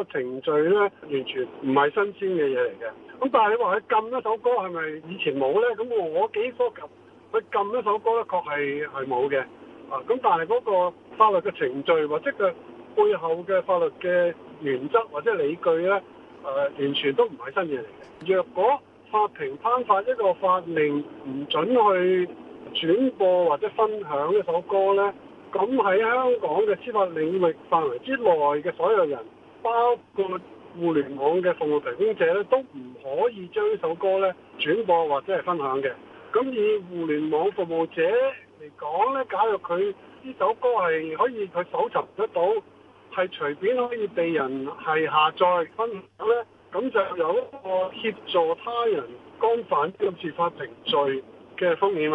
個程序咧完全唔係新鮮嘅嘢嚟嘅，咁但係你話佢禁一首歌係咪以前冇咧？咁我我記憶所及佢禁一首歌咧，確係係冇嘅。啊，咁但係嗰個法律嘅程序或者佢背後嘅法律嘅原則或者理據咧，誒、啊、完全都唔係新嘢嚟嘅。若果法庭頒發一個法令唔準去轉播或者分享一首歌咧，咁喺香港嘅司法領域範圍之內嘅所有人。包括互聯網嘅服務提供者咧，都唔可以將呢首歌咧轉播或者係分享嘅。咁以互聯網服務者嚟講咧，假若佢呢首歌係可以佢搜尋得到，係隨便可以被人係下載分享咧，咁就有一個協助他人干犯呢個違法程序嘅風險，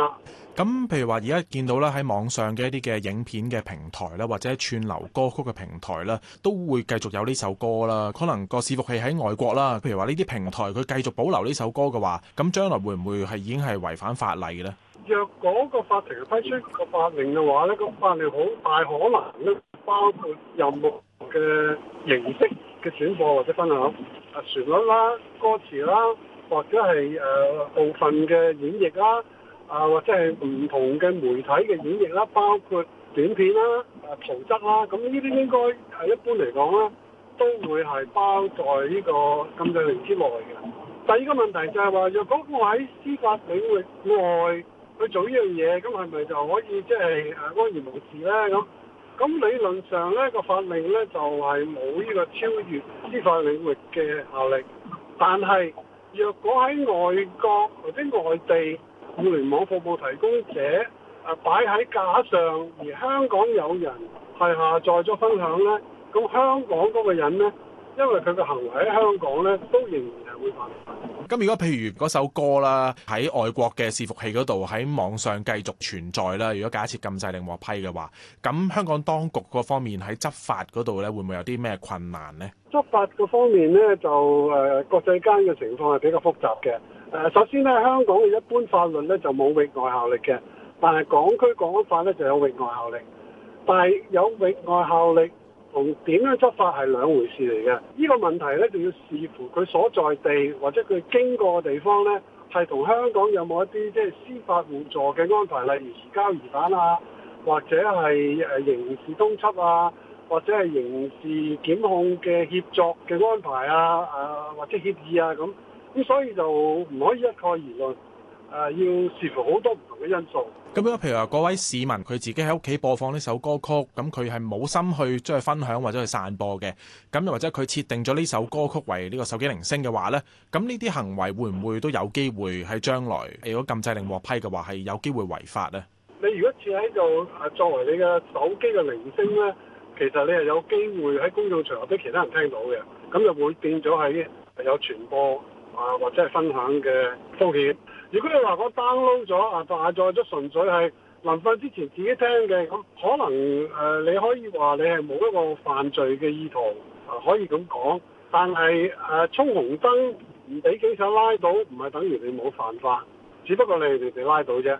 咁譬如話，而家見到咧喺網上嘅一啲嘅影片嘅平台啦，或者串流歌曲嘅平台啦，都會繼續有呢首歌啦。可能個伺服器喺外國啦，譬如話呢啲平台佢繼續保留呢首歌嘅話，咁將來會唔會係已經係違反法例呢？若果個法庭批出個法令嘅話咧，咁法令好大可能咧，包括任何嘅形式嘅轉播或者分享，啊旋律啦、歌詞啦、啊。或者係誒、呃、部分嘅演繹啦，啊、呃、或者係唔同嘅媒體嘅演繹啦，包括短片啦、啊圖集啦。咁呢啲應該係一般嚟講啦，都會係包在呢個禁制令之內嘅。第二個問題就係話，若果我喺司法領域外去做呢樣嘢，咁係咪就可以即係誒安然無事咧？咁咁理論上咧、嗰個法令咧就係冇呢個超越司法領域嘅效力，但係。若果喺外國或者外地互聯網服務提供者擺擺喺架上，而香港有人係下載咗分享咧，咁香港嗰個人咧？因為佢嘅行為喺香港咧，都仍然係會犯法。咁如果譬如嗰首歌啦，喺外國嘅伺服器嗰度喺網上繼續存在啦，如果假設禁制令獲批嘅話，咁香港當局嗰方面喺執法嗰度咧，會唔會有啲咩困難呢？執法嗰方面咧，就誒、呃、國際間嘅情況係比較複雜嘅。誒、呃，首先咧，香港嘅一般法律咧就冇域外效力嘅，但係港區港法咧就有域外效力，但係有域外效力。同點樣執法係兩回事嚟嘅，呢個問題咧，就要視乎佢所在地或者佢經過嘅地方咧，係同香港有冇一啲即係司法互助嘅安排，例如移交疑犯啊，或者係誒刑事通緝啊，或者係刑事檢控嘅協作嘅安排啊，或者誒協議啊咁，咁所以就唔可以一概而論。誒要視乎好多唔同嘅因素。咁樣，譬如話，嗰位市民佢自己喺屋企播放呢首歌曲，咁佢係冇心去將佢分享或者去散播嘅。咁又或者佢設定咗呢首歌曲為呢個手機鈴聲嘅話咧，咁呢啲行為會唔會都有機會喺將來如果禁制令獲批嘅話，係有機會違法咧？你如果設喺度啊，作為你嘅手機嘅鈴聲咧，其實你係有機會喺公眾場合俾其他人聽到嘅，咁就會變咗係有傳播啊或者係分享嘅風險。如果你話我 download 咗啊，下載咗純粹係臨瞓之前自己聽嘅，咁，可能誒你可以話你係冇一個犯罪嘅意圖，可以咁講。但係誒衝紅燈唔俾警察拉到，唔係等於你冇犯法，只不過你哋被拉到啫。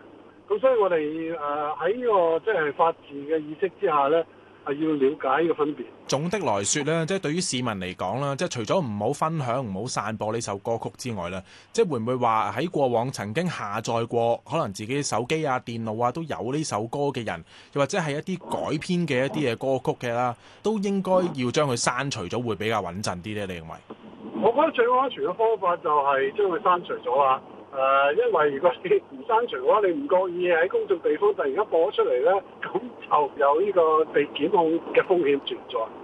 咁所以我哋誒喺呢個即係、就是、法治嘅意識之下咧。係要了解呢個分別。總的來說咧，即係對於市民嚟講啦，即係除咗唔好分享、唔好散播呢首歌曲之外咧，即係會唔會話喺過往曾經下載過、可能自己手機啊、電腦啊都有呢首歌嘅人，又或者係一啲改編嘅一啲嘅歌曲嘅啦，都應該要將佢刪除咗，會比較穩陣啲咧？你認為？我覺得最安全嘅方法就係將佢刪除咗啦。誒、呃，因為如果你唔刪除嘅話，你唔覺意喺公眾地方突然間播咗出嚟咧，咁就有呢個被檢控嘅風險存在。